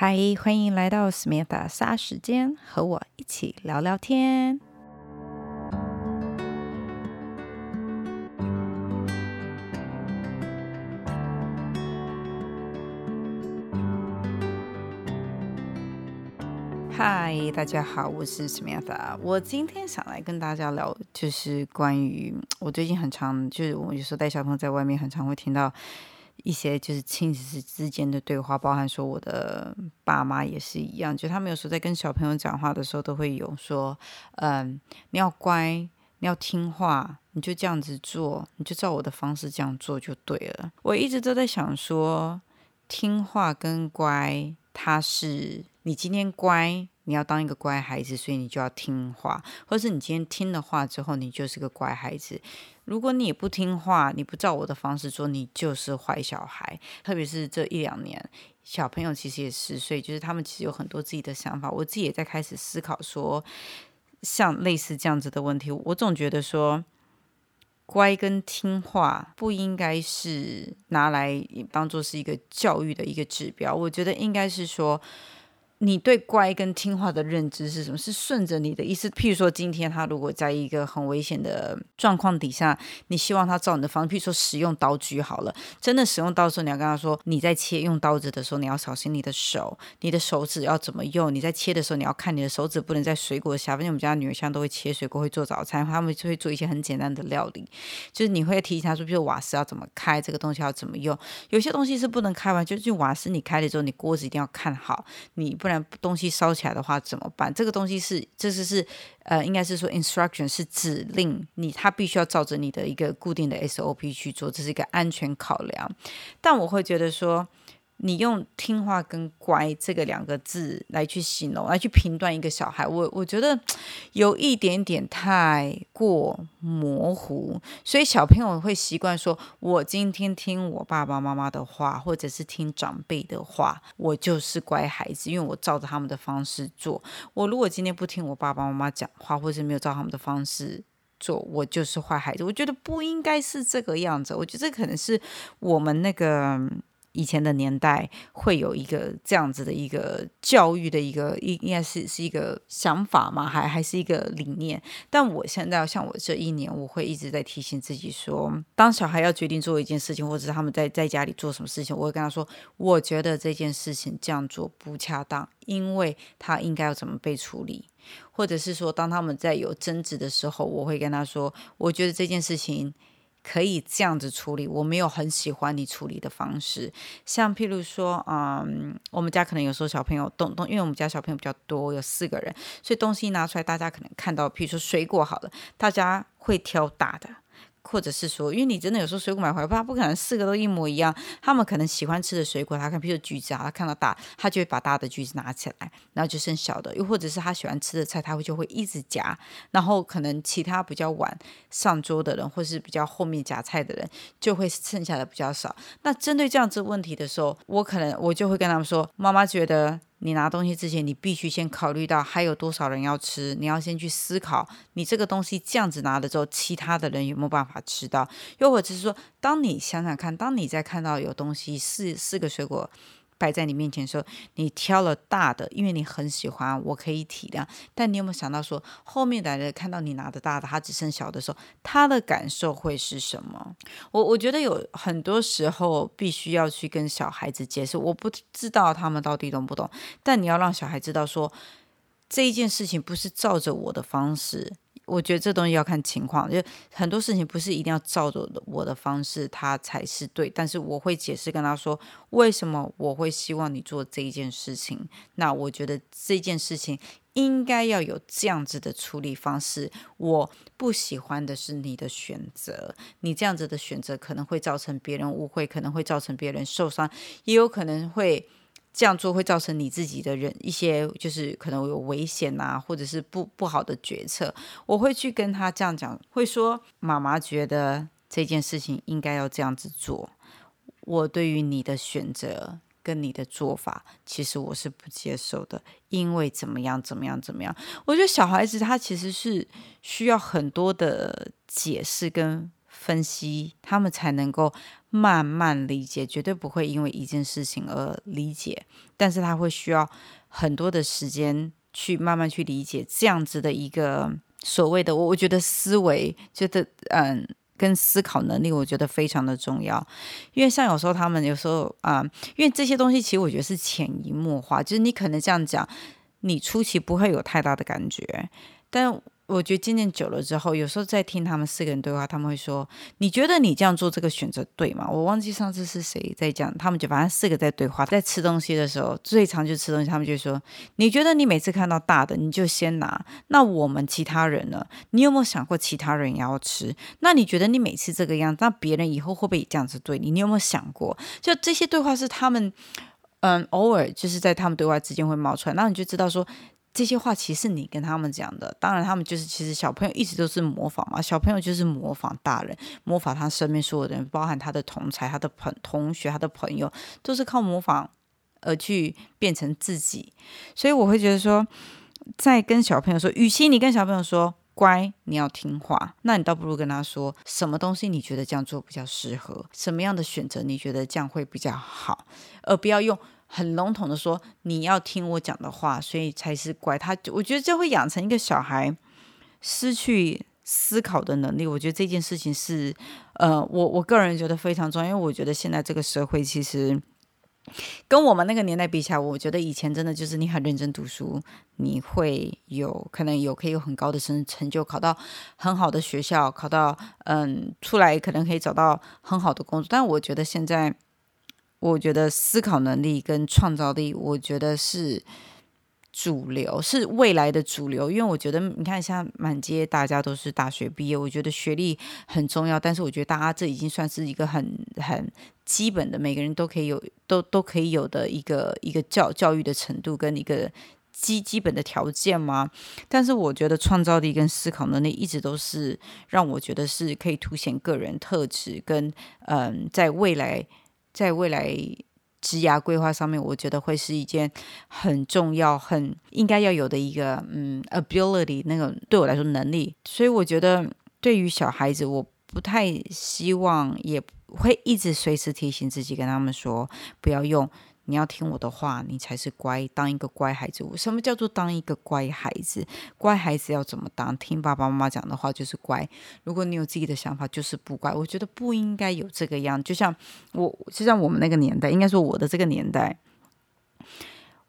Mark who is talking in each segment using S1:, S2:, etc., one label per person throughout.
S1: 嗨，歡迎來到斯米塔殺時間，和我一起聊聊天。嗨，大家好，我是斯米塔。我今天想來跟大家聊，就是關於我最近很常，就是我有時候帶小朋友在外面很常會聽到。一些就是親子之間的對話，包含說我的爸媽也是一樣，就他們有時候在跟小朋友講話的時候，都會有說，嗯，你要乖，你要聽話，你就這樣子做，你就照我的方式這樣做就對了。我一直都在想說，聽話跟乖，它是，你今天乖。你要當一個乖孩子，所以你就要聽話，或者是你今天聽了話之後，你就是個乖孩子。如果你也不聽話，你不照我的方式說，你就是壞小孩。特別是這一兩年，小朋友其實也是，所以就是他們其實有很多自己的想法。我自己也在開始思考說，像類似這樣子的問題，我總覺得說，乖跟聽話不應該是拿來當做是一個教育的一個指標。我覺得應該是說，你對乖跟聽話的認知是什麼？是順着你的意思。譬如說，今天他如果在一個很危險的狀況底下，你希望他照你的方式，譬如說使用刀具好了。真的使用刀的時候，你要跟他說，你在切用刀子的時候，你要小心你的手，你的手指要怎麼用。你在切的時候，你要看你的手指不能在水果下方。因為我們家女兒現在都會切水果，會做早餐，他們就會做一些很簡單的料理。就是你會提醒他說，譬如瓦斯要怎麼開，這個東西要怎麼用。有些東西是不能開完，就就是、瓦斯你開了之後，你鍋子一定要看好，你不。不然東西燒起來的話怎麼辦？這個東西是，這是是，呃，應該是說 instruction 是指令，你它必須要照着你的一個固定的 SOP 去做，這是一個安全考量。但我會覺得說。你用“聽話”跟“乖”這個兩個字來去形容、來去評斷一個小孩，我我覺得有一點點太過模糊，所以小朋友會習慣說：“我今天聽我爸爸媽媽的話，或者是聽長輩的話，我就是乖孩子，因為我照着他們的方式做。我如果今天不聽我爸爸媽媽講話，或者是沒有照他們的方式做，我就是壞孩子。”我覺得不應該是這個樣子。我覺得這可能是我們那個。以前的年代會有一個這樣子的一個教育的一個，應該是是一個想法嘛，還還是一個理念。但我現在像我這一年，我會一直在提醒自己說，當小孩要決定做一件事情，或者他們在在家裡做什麼事情，我會跟他說，我覺得這件事情這樣做不恰當，因為他應該要怎麼被處理。或者是說，當他們在有爭執的時候，我會跟他說，我覺得這件事情。可以這樣子處理，我沒有很喜歡你處理的方式。像譬如說，嗯，我們家可能有時候小朋友東東，因為我們家小朋友比較多，有四個人，所以東西拿出來，大家可能看到，譬如說水果好了，大家會挑大的。或者是說，因為你真的有時候水果買回來，他不可能四個都一模一樣。他們可能喜歡吃的水果，他看，比如橘子啊，他看到大，他就會把大的橘子拿起來，然後就剩小的。又或者是他喜歡吃的菜，他會就會一直夾，然後可能其他比較晚上桌的人，或是比較後面夾菜的人，就會剩下的比較少。那針對這樣子問題的時候，我可能我就會跟他們說，媽媽覺得。你拿東西之前，你必須先考慮到還有多少人要吃，你要先去思考，你這個東西這樣子拿了之後，其他的人有沒有辦法吃到？又或者是說，當你想想看，當你在看到有東西四，四四個水果。擺在你面前說，你挑了大的，因為你很喜歡，我可以體諒。但你有沒有想到說，後面來的人看到你拿的大的，他只剩小的時候，他的感受會是什麼？我我覺得有很多時候必須要去跟小孩子解釋，我不知道他們到底懂不懂，但你要讓小孩知道說，這一件事情不是照着我的方式。我覺得這東西要看情況，就很多事情不是一定要照着我的方式，他才是對。但是我會解釋跟他說，為什麼我會希望你做這一件事情。那我覺得這件事情應該要有這樣子的處理方式。我不喜歡的是你的選擇，你這樣子的選擇可能會造成別人誤會，可能會造成別人受傷，也有可能會。這樣做會造成你自己的人一些就是可能有危險啊，或者是不不好的決策。我會去跟他這樣講，會說媽媽覺得這件事情應該要這樣子做。我對於你的選擇跟你的做法，其實我是不接受的，因為怎麼樣怎麼樣怎麼樣。我覺得小孩子他其實是需要很多的解釋跟分析，他們才能夠慢慢理解，絕對不會因為一件事情而理解，但是他會需要很多的時間去慢慢去理解這樣子的一個所謂的我，覺得思維，覺得嗯，跟思考能力，我覺得非常的重要，因為像有時候他們有時候啊、嗯，因為這些東西其實我覺得是潛移默化，就是你可能這樣講，你初期不會有太大的感覺，但。我覺得漸漸久了之後，有時候在聽他們四個人對話，他們會說：“你覺得你這樣做這個選擇對嗎？”我忘記上次是誰在講，他們就反正四個在對話，在吃東西的時候，最常就吃東西。他們就說：“你覺得你每次看到大的你就先拿，那我們其他人呢？你有沒有想過其他人也要吃？那你覺得你每次這個樣，那別人以後會不會也這樣子對你？你有沒有想過？就這些對話是他們，嗯，偶爾就是在他們對話之間會冒出來，那你就知道說。”這些話其實你跟他們講的，當然他們就是其實小朋友一直都是模仿嘛，小朋友就是模仿大人，模仿他身邊所有的人，包含他的同儕、他的朋同學、他的朋友，都是靠模仿而去變成自己。所以我會覺得說，在跟小朋友說，與其你跟小朋友說乖，你要聽話，那你倒不如跟他說，什麼東西你覺得這樣做比較適合，什麼樣的選擇你覺得這樣會比較好，而不要用。很籠統的說，你要聽我講的話，所以才是乖。他就，我覺得這會養成一個小孩失去思考的能力。我覺得這件事情是，呃，我我個人覺得非常重要，因為我覺得現在這個社會其實跟我們那個年代比起來，我覺得以前真的就是你很認真讀書，你會有可能有可以有很高的成成就，考到很好的學校，考到嗯，出來可能可以找到很好的工作。但我覺得現在。我覺得思考能力跟創造力，我覺得是主流，是未來的主流。因為我覺得你看，像滿街大家都是大學畢業，我覺得學歷很重要。但是我覺得大家這已經算是一個很很基本的，每個人都可以有，都都可以有的一個一個教教育的程度跟一個基基本的條件嘛。但是我覺得創造力跟思考能力一直都是讓我覺得是可以凸顯個人特質跟嗯，在未來。在未來職涯規劃上面，我覺得會是一件很重要、很應該要有的一個，嗯，ability，那個對我來說能力。所以我覺得對於小孩子，我不太希望，也會一直隨時提醒自己跟他們說，不要用。你要聽我的話，你才是乖，當一個乖孩子。我什麼叫做當一個乖孩子乖孩子要怎麼當？聽爸爸媽媽講的話就是乖。如果你有自己的想法，就是不乖。我覺得不應該有這個樣。就像我，就像我們那個年代，應該說我的這個年代，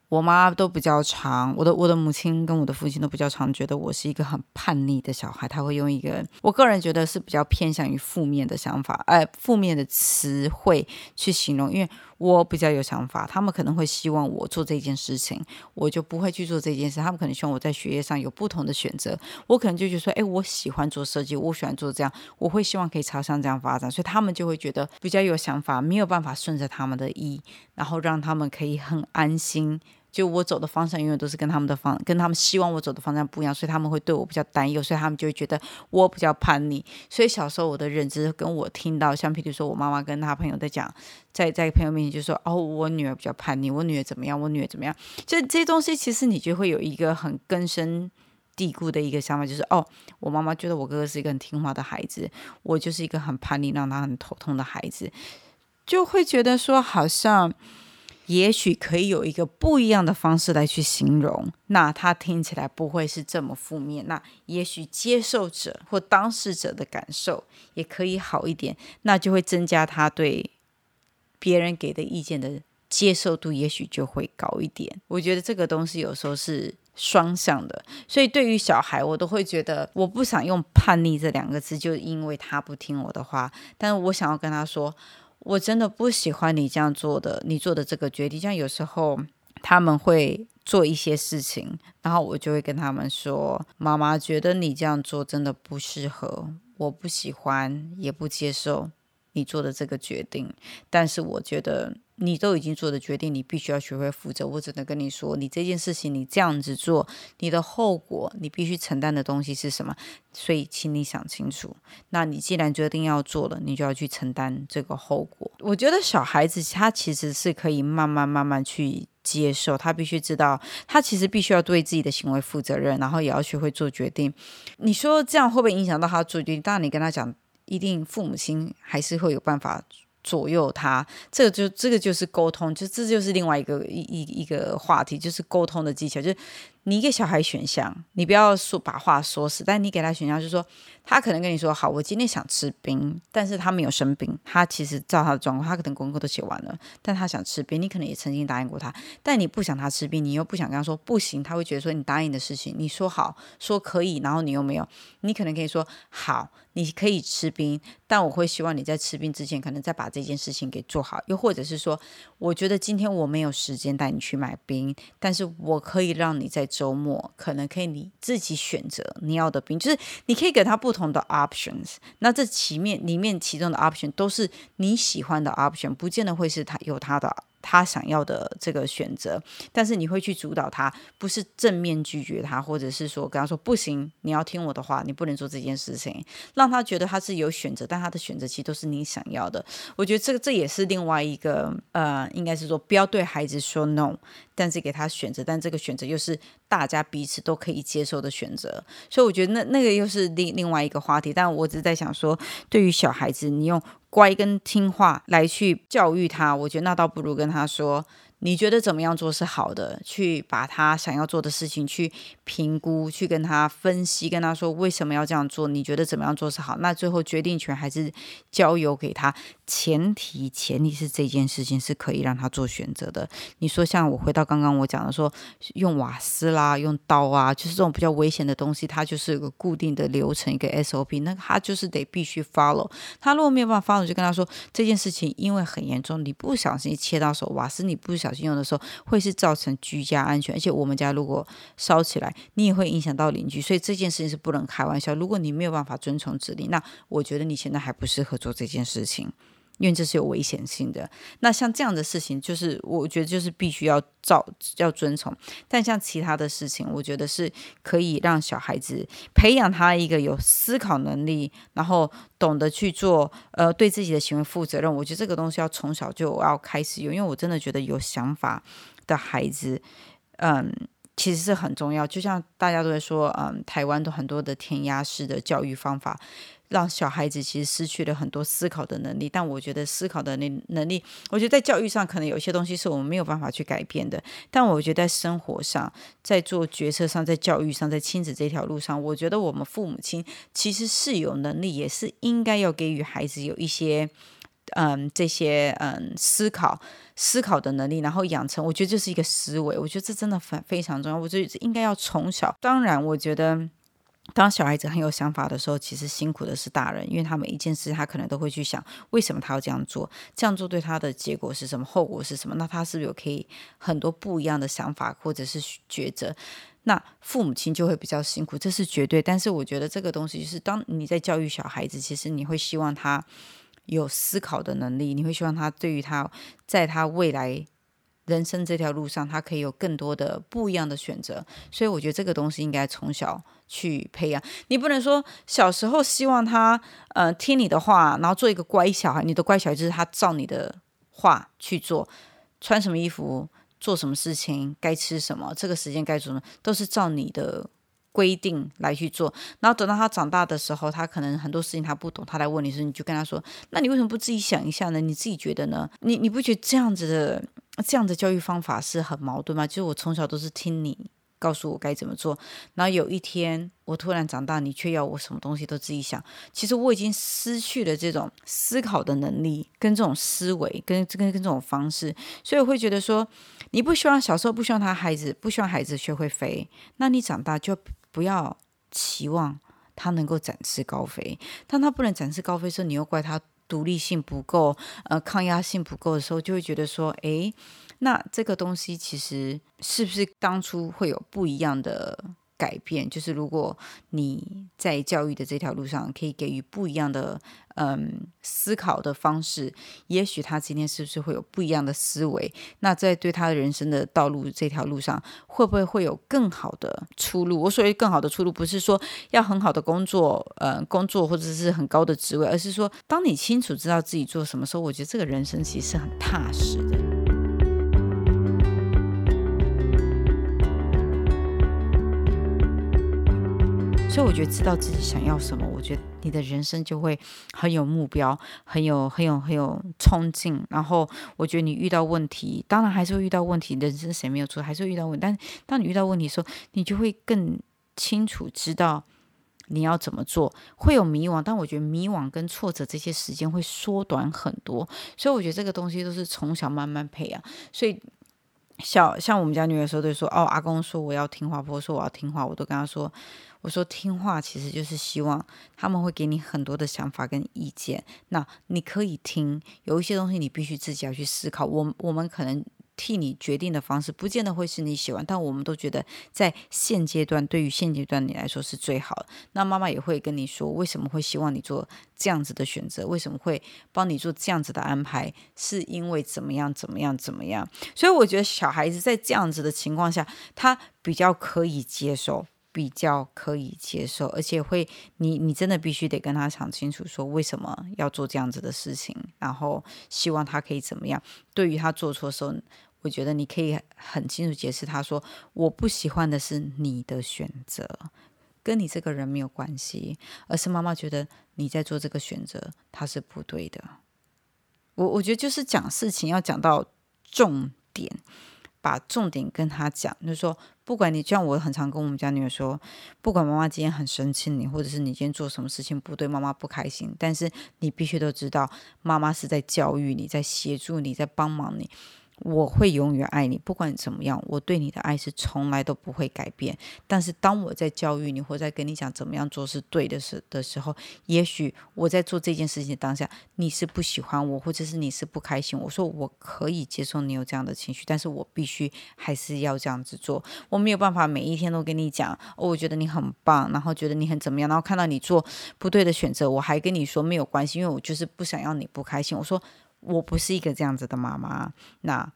S1: 我媽都比較長，我的我的母親跟我的父親都比較長，覺得我是一個很叛逆的小孩。他會用一個我個人覺得是比較偏向於負面的想法，呃，負面的詞彙去形容，因為。我比較有想法，他們可能會希望我做這件事情，我就不會去做這件事。他們可能希望我在學業上有不同的選擇，我可能就覺得說，哎，我喜歡做設計，我喜歡做這樣，我會希望可以朝向這樣發展，所以他們就會覺得比較有想法，沒有辦法順着他們的意，然後讓他們可以很安心。就我走的方向永遠都是跟他們的方、跟他們希望我走的方向不一樣，所以他們會對我比較擔憂，所以他們就會覺得我比較叛逆。所以小時候我的認知跟我聽到，像比如說我媽媽跟他朋友在講，在在朋友面前就說哦，我女兒比較叛逆，我女兒怎麼樣，我女兒怎麼樣。這這些東西其實你就會有一個很根深蒂固的一個想法，就是哦，我媽媽覺得我哥哥是一個很聽話的孩子，我就是一個很叛逆讓他很頭痛的孩子，就會覺得說好像。也許可以有一個不一樣的方式來去形容，那他聽起來不會是這麼負面。那也許接受者或當事者的感受也可以好一點，那就會增加他對別人給的意見的接受度，也許就會高一點。我覺得這個東西有時候是雙向的，所以對於小孩，我都會覺得我不想用叛逆這兩個字，就因為他不聽我的話，但是我想要跟他說。我真的不喜歡你這樣做的，你做的這個決定。像有時候他們會做一些事情，然後我就會跟他們說：“媽媽覺得你這樣做真的不適合，我不喜歡，也不接受你做的這個決定。”但是我覺得。你都已經做的決定，你必須要學會負責。我只能跟你說，你這件事情你這樣子做，你的後果你必須承擔的東西是什麼？所以，請你想清楚。那你既然決定要做了，你就要去承擔這個後果。我覺得小孩子他其實是可以慢慢慢慢去接受，他必須知道，他其實必須要對自己的行為負責任，然後也要學會做決定。你說這樣會不會影響到他做決定？當然，你跟他講，一定父母親還是會有辦法。左右他，這個就這個就是溝通，就這就是另外一個一一一個話題，就是溝通的技巧，就是你給小孩選項，你不要說把話說死，但你給他選項，就說。他可能跟你說：“好，我今天想吃冰，但是他沒有生病。他其實照他的狀況，他可能功課都寫完了，但他想吃冰。你可能也曾經答應過他，但你不想他吃冰，你又不想跟他說不行。他會覺得說你答應的事情，你說好，說可以，然後你又沒有。你可能可以說好，你可以吃冰，但我會希望你在吃冰之前，可能再把這件事情給做好。又或者是說，我覺得今天我沒有時間帶你去買冰，但是我可以讓你在周末，可能可以你自己選擇你要的冰，就是你可以給他不同。”不同的 options，那這其面裡面其中的 option 都是你喜歡的 option，不見得會是他有他的他想要的這個選擇，但是你會去主導他，不是正面拒絕他，或者是說跟他說不行，你要聽我的話，你不能做這件事情，讓他覺得他是有選擇，但他的選擇其實都是你想要的。我覺得這個這也是另外一個呃，應該是說不要對孩子說 no，但是給他選擇，但這個選擇又，就是。大家彼此都可以接受的選擇，所以我覺得那那個又是另另外一個話題。但我只是在想說，對於小孩子，你用乖跟聽話來去教育他，我覺得那倒不如跟他說。你覺得怎麼樣做是好的？去把他想要做的事情去評估，去跟他分析，跟他說為什麼要這樣做？你覺得怎麼樣做是好？那最後決定權還是交由給他。前提前提是這件事情是可以讓他做選擇的。你說像我回到剛剛我講的，說用瓦斯啦，用刀啊，就是這種比較危險的東西，它就是個固定的流程，一個 SOP，那他就是得必須 follow。他如果沒有辦法 follow，就跟他說這件事情因為很嚴重，你不小心切到手，瓦斯你不小心。小心用的時候，會是造成居家安全，而且我們家如果燒起來，你也會影響到鄰居，所以這件事情是不能開玩笑。如果你沒有辦法遵從指令，那我覺得你現在還不適合做這件事情。因為這是有危險性的。那像這樣的事情，就是我覺得就是必須要照要遵從。但像其他的事情，我覺得是可以讓小孩子培養他一個有思考能力，然後懂得去做，呃，對自己的行為負責任。我覺得這個東西要從小就要開始有，因為我真的覺得有想法的孩子，嗯，其實是很重要。就像大家都在說，嗯，台灣都很多的填鴨式的教育方法。讓小孩子其實失去了很多思考的能力，但我覺得思考的能力能力，我覺得在教育上可能有些東西是我們沒有辦法去改變的，但我覺得在生活上，在做決策上，在教育上，在親子這條路上，我覺得我們父母親其實是有能力，也是應該要給予孩子有一些，嗯，這些嗯思考思考的能力，然後養成，我覺得這是一個思維，我覺得這真的非非常重要，我覺得應該要從小，當然，我覺得。當小孩子很有想法的時候，其實辛苦的是大人，因為他每一件事他可能都會去想，為什麼他要這樣做，這樣做對他的結果是什麼，後果是什麼？那他是不是有可以很多不一樣的想法或者是抉擇？那父母親就會比較辛苦，這是絕對。但是我覺得這個東西就是當你在教育小孩子，其實你會希望他有思考的能力，你會希望他對於他在他未來人生這條路上，他可以有更多的不一樣的選擇。所以我覺得這個東西應該從小。去培養，你不能說小時候希望他呃聽你的話，然後做一個乖小孩，你的乖小孩就是他照你的話去做，穿什麼衣服，做什麼事情，該吃什麼，這個時間該做什麼，都是照你的規定來去做。然後等到他長大的時候，他可能很多事情他不懂，他來問你的時候，你就跟他說：“那你為什麼不自己想一下呢？你自己覺得呢？你你不覺得這樣子的這樣的教育方法是很矛盾嗎？其實我從小都是聽你。”告訴我該怎麼做，然後有一天我突然長大，你卻要我什麼東西都自己想。其實我已經失去了這種思考的能力，跟這種思維，跟跟跟這種方式。所以我會覺得說，你不希望小時候不希望他孩子不希望孩子學會飛，那你長大就不要期望他能夠展翅高飛。當他不能展翅高飛的時候，你又怪他獨立性不夠，呃，抗壓性不夠的時候，就會覺得說，誒。那這個東西其實是不是當初會有不一樣的改變？就是如果你在教育的這條路上可以給予不一樣的嗯，思考的方式，也許他今天是不是會有不一樣的思維？那在對他人生的道路這條路上，會不會會有更好的出路？我所謂更好的出路，不是說要很好的工作，嗯、呃，工作或者是很高的職位，而是說，當你清楚知道自己做什麼時候，我覺得這個人生其實是很踏實的。所以我覺得知道自己想要什麼，我覺得你的人生就會很有目標，很有很有很有衝勁。然後我覺得你遇到問題，當然還是會遇到問題，人生誰沒有錯，還是會遇到問題。但當你遇到問題的時候，你就會更清楚知道你要怎麼做，會有迷惘。但我覺得迷惘跟挫折這些時間會縮短很多。所以我覺得這個東西都是從小慢慢培養。所以小像我們家女兒時候，就說：“哦，阿公說我要聽話，婆婆說我要聽話，我都跟他說。”我說聽話，其實就是希望他們會給你很多的想法跟意見，那你可以聽，有一些東西你必須自己要去思考。我我們可能替你決定的方式，不見得會是你喜歡，但我們都覺得在現階段對於現階段你來說是最好的。那媽媽也會跟你說，為什麼會希望你做這樣子的選擇，為什麼會幫你做這樣子的安排，是因為怎麼樣，怎麼樣，怎麼樣。所以我覺得小孩子在這樣子的情況下，他比較可以接受。比較可以接受，而且會你你真的必須得跟他講清楚，說為什麼要做這樣子的事情，然後希望他可以怎麼樣。對於他做錯的時候，我覺得你可以很清楚解釋他說，我不喜歡的是你的選擇，跟你這個人沒有關係，而是媽媽覺得你在做這個選擇，它是不對的。我我覺得就是講事情要講到重點，把重點跟他講，就是說。不管你，像我很常跟我們家女兒說，不管媽媽今天很生氣你，或者是你今天做什麼事情不對，媽媽不開心，但是你必須都知道，媽媽是在教育你，在協助你，在幫忙你。我會永遠愛你，不管怎麼樣，我對你的愛是從來都不會改變。但是當我在教育你或者在跟你講怎麼樣做是對的時的時候，也許我在做這件事情的當下，你是不喜歡我，或者是你是不開心。我說我可以接受你有這樣的情緒，但是我必須還是要這樣子做。我沒有辦法每一天都跟你講，哦，我覺得你很棒，然後覺得你很怎麼樣，然後看到你做不對的選擇，我還跟你說沒有關係，因為我就是不想要你不開心。我說。我不是一個這樣子的媽媽。那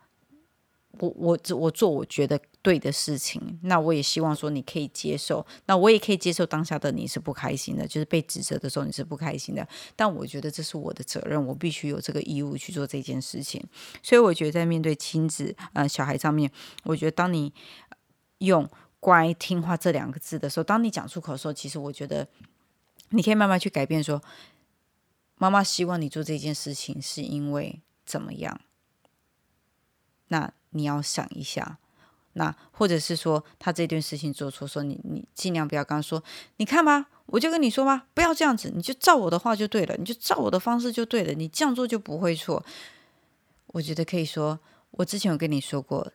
S1: 我我我做我覺得對的事情，那我也希望說你可以接受。那我也可以接受當下的你是不開心的，就是被指責的時候你是不開心的。但我覺得這是我的責任，我必須有這個義務去做這件事情。所以我覺得在面對親子、呃、小孩上面，我覺得當你用乖聽話這兩個字的時候，當你講出口的時候，其實我覺得你可以慢慢去改變說。媽媽希望你做這件事情，是因為怎麼樣？那你要想一下。那或者是說，他這件事情做錯，說你你盡量不要剛說，你看吧，我就跟你說吧，不要這樣子，你就照我的話就對了，你就照我的方式就對了，你這樣做就不會錯。我覺得可以說，我之前有跟你說過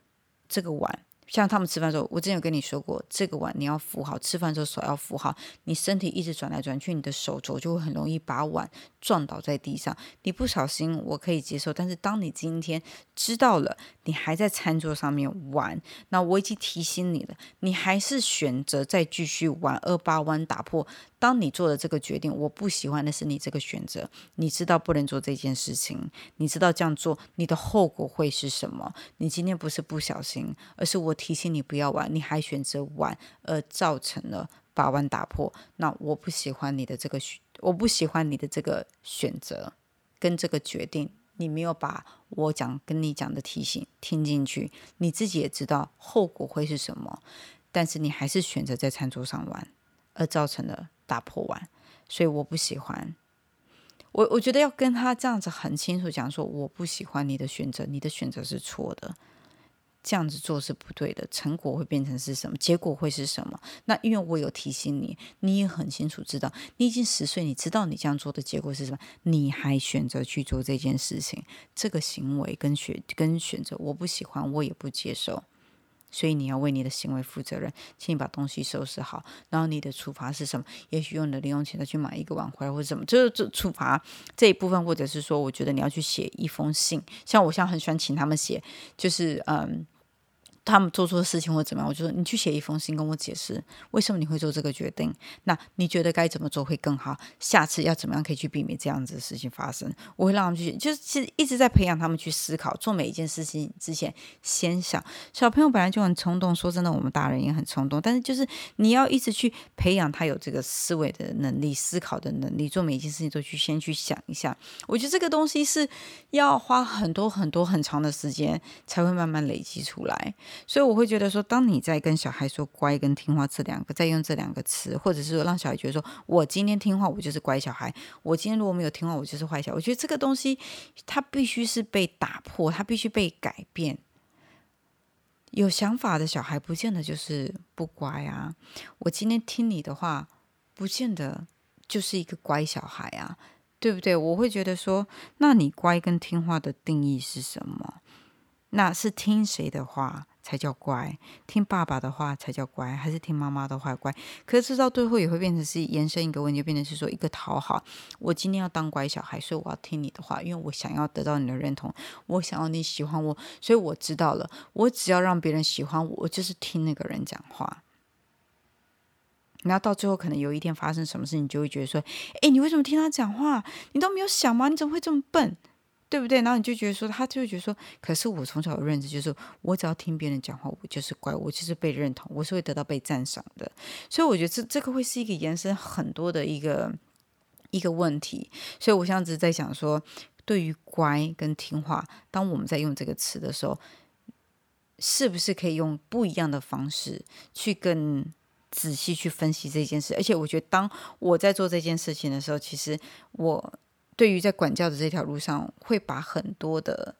S1: 這個碗。像他們吃飯的時候，我之前有跟你說過，這個碗你要扶好，吃飯的時候手要扶好。你身體一直轉來轉去，你的手肘就會很容易把碗撞倒在地上。你不小心，我可以接受。但是當你今天知道了，你還在餐桌上面玩，那我已經提醒你了，你還是選擇再繼續玩二八碗，打破。當你做了這個決定，我不喜歡的是你這個選擇。你知道不能做這件事情，你知道這樣做你的後果會是什麼？你今天不是不小心，而是我提醒你不要玩，你還選擇玩，而造成了把碗打破。那我不喜歡你的這個選，我不喜歡你的這個選擇跟這個決定。你沒有把我講跟你講的提醒聽進去，你自己也知道後果會是什麼，但是你還是選擇在餐桌上玩，而造成了。打破完，所以我不喜歡。我我覺得要跟他這樣子很清楚講說，我不喜歡你的選擇，你的選擇是錯的，這樣子做是不對的。成果會變成是什麼？結果會是什麼？那因為我有提醒你，你也很清楚知道，你已經十歲，你知道你這樣做的結果是什麼，你還選擇去做這件事情，這個行為跟選跟選擇，我不喜歡，我也不接受。所以你要為你的行為負責任，請你把東西收拾好。然後你的處罰是什麼？也許用你的零用錢再去買一個碗回來或者什麼，就是這處罰這一部分，或者是說，我覺得你要去寫一封信。像我現在很喜歡請他們寫，就是嗯。他們做錯的事情或怎麼樣，我就說，你去寫一封信跟我解釋為什麼你會做這個決定。那你覺得該怎麼做會更好？下次要怎麼樣可以去避免這樣子的事情發生？我會讓他們去，就是其實一直在培養他們去思考，做每一件事情之前先想。小朋友本來就很衝動，說真的，我們大人也很衝動，但是就是你要一直去培養他有這個思維的能力、思考的能力，做每一件事情都去先去想一下。我覺得這個東西是要花很多很多很長的時間才會慢慢累積出來。所以我會覺得說，當你在跟小孩說“乖”跟“聽話”這兩個，在用這兩個詞，或者是說讓小孩覺得說“我今天聽話，我就是乖小孩；我今天如果沒有聽話，我就是壞小孩”。我覺得這個東西，它必須是被打破，它必須被改變。有想法的小孩不見得就是不乖啊，我今天聽你的話，不見得就是一個乖小孩啊，對不對？我會覺得說，那你“乖”跟“聽話”的定義是什麼？那是聽誰的話？才叫乖，聽爸爸的話才叫乖，還是聽媽媽的話乖？可是到最後也會變成是延伸一個問題，變成是說一個討好。我今天要當乖小孩，所以我要聽你的話，因為我想要得到你的認同，我想要你喜歡我，所以我知道了，我只要讓別人喜歡我，我就是聽那個人講話。然後到最後，可能有一天發生什麼事，你就會覺得說：“誒，你為什麼聽他講話？你都沒有想嗎？你怎麼會這麼笨？”對不對？然後你就覺得說，他就覺得說，可是我從小的認知就是，我只要聽別人講話，我就是乖，我就是被認同，我是會得到被讚賞的。所以我覺得這這個會是一個延伸很多的一個一個問題。所以我現在只在想說，對於乖跟聽話，當我們在用這個詞的時候，是不是可以用不一樣的方式去更仔細去分析這件事？而且我覺得，當我在做這件事情的時候，其實我。對於在管教的這條路上，會把很多的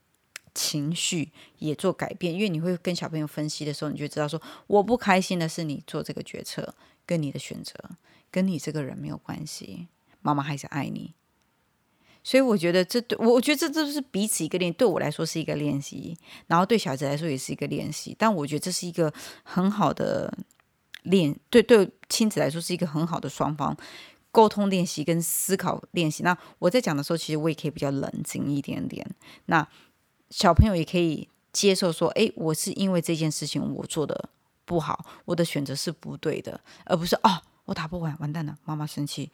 S1: 情緒也做改變，因為你會跟小朋友分析的時候，你就知道說，我不開心的是你做這個決策，跟你的選擇，跟你這個人沒有關係，媽媽還是愛你。所以我覺得這對我覺得這就是彼此一個練，對我來說是一個練習，然後對小孩子來說也是一個練習。但我覺得這是一個很好的練，對對親子來說是一個很好的雙方溝通練習跟思考練習，那我在講的時候，其實我也可以比較冷靜一點點。那小朋友也可以接受說：“哎，我是因為這件事情我做得不好，我的選擇是不對的，而不是哦，我打不完完蛋了，媽媽生氣，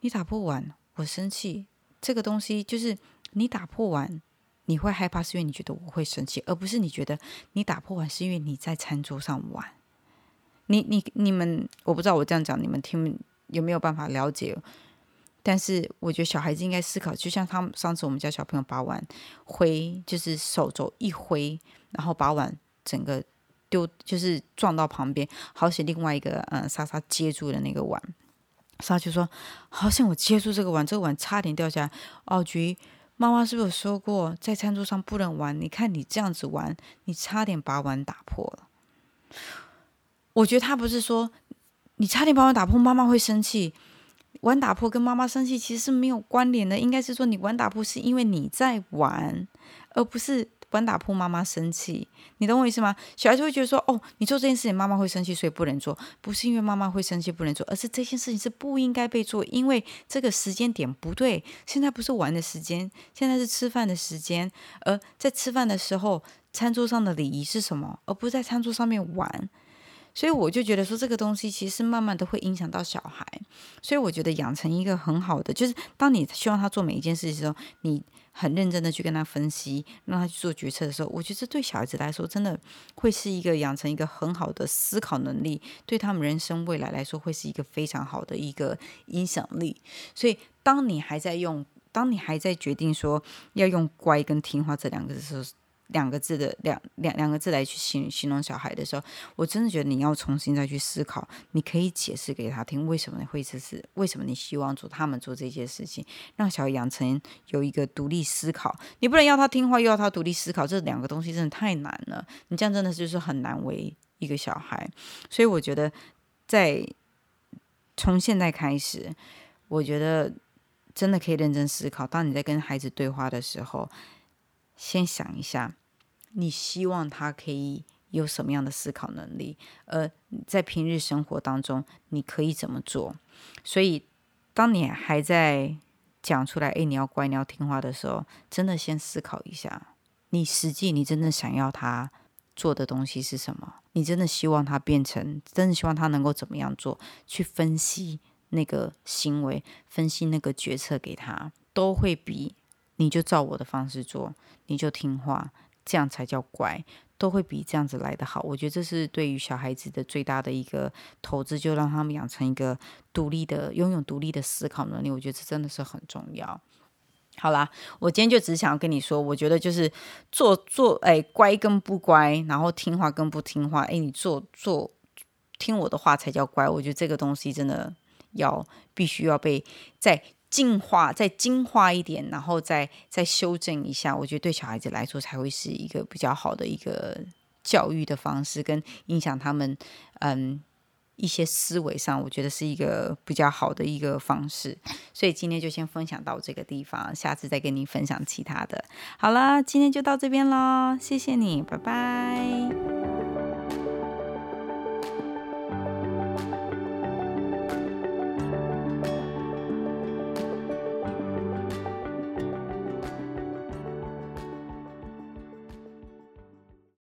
S1: 你打破完我生氣。”這個東西就是你打破完，你會害怕，是因為你覺得我會生氣，而不是你覺得你打破完是因為你在餐桌上玩。你你你們，我不知道我這樣講你們聽有沒有辦法了解？但是我覺得小孩子應該思考，就像他們上次我們家小朋友把碗揮，就是手肘一揮，然後把碗整個丟，就是撞到旁邊，好像另外一個嗯莎莎接住的那個碗，莎莎就說：“好像我接住這個碗，這個碗差點掉下來。哦”哦菊媽媽是不是有說過在餐桌上不能玩？你看你這樣子玩，你差點把碗打破了。我覺得他不是說。你差點把碗打破，媽媽會生氣。碗打破跟媽媽生氣其實是沒有關聯的，應該是說你碗打破是因為你在玩，而不是碗打破媽媽生氣。你懂我意思嗎？小孩子會覺得說，哦，你做這件事情媽媽會生氣，所以不能做。不是因為媽媽會生氣不能做，而是這件事情是不應該被做，因為這個時間點不對。現在不是玩的時間，現在是吃飯的時間。而在吃飯的時候，餐桌上的禮儀是什麼？而不是在餐桌上面玩。所以我就覺得說，這個東西其實慢慢都會影響到小孩。所以我覺得養成一個很好的，就是當你希望他做每一件事情的時候，你很認真的去跟他分析，讓他去做決策的時候，我覺得這對小孩子來說，真的會是一個養成一個很好的思考能力，對他們人生未來來說，會是一個非常好的一個影響力。所以，當你還在用，當你還在決定說要用乖跟聽話這兩個字的時候，兩個字的兩兩兩個字來去形形容小孩的時候，我真的覺得你要重新再去思考。你可以解釋給他聽，為什麼你會這是，為什麼你希望做他們做這些事情？讓小孩養成有一個獨立思考。你不能要他聽話，又要他獨立思考，這兩個東西真的太難了。你這樣真的就是很難為一個小孩。所以我覺得，在從現在開始，我覺得真的可以認真思考。當你在跟孩子對話的時候，先想一下。你希望他可以有什麼樣的思考能力？呃，在平日生活當中，你可以怎麼做？所以，當你還在講出來“誒，你要乖，你要聽話”的時候，真的先思考一下，你實際你真正想要他做的東西是什麼？你真的希望他變成，真的希望他能夠怎麼樣做？去分析那個行為，分析那個決策給他，都會比你就照我的方式做，你就聽話。這樣才叫乖，都會比這樣子來得好。我覺得這是對於小孩子的最大的一個投資，就讓他們養成一個獨立的、擁有獨立的思考能力。我覺得這真的是很重要。好啦，我今天就只想要跟你說，我覺得就是做做哎乖跟不乖，然後聽話跟不聽話，哎你做做聽我的話才叫乖。我覺得這個東西真的要必須要被在。進化再進化一點，然後再再修正一下，我覺得對小孩子來說才會是一個比較好的一個教育的方式，跟影響他們嗯一些思維上，我覺得是一個比較好的一個方式。所以今天就先分享到這個地方，下次再跟你分享其他的。好了，今天就到這邊了，謝謝你，拜拜。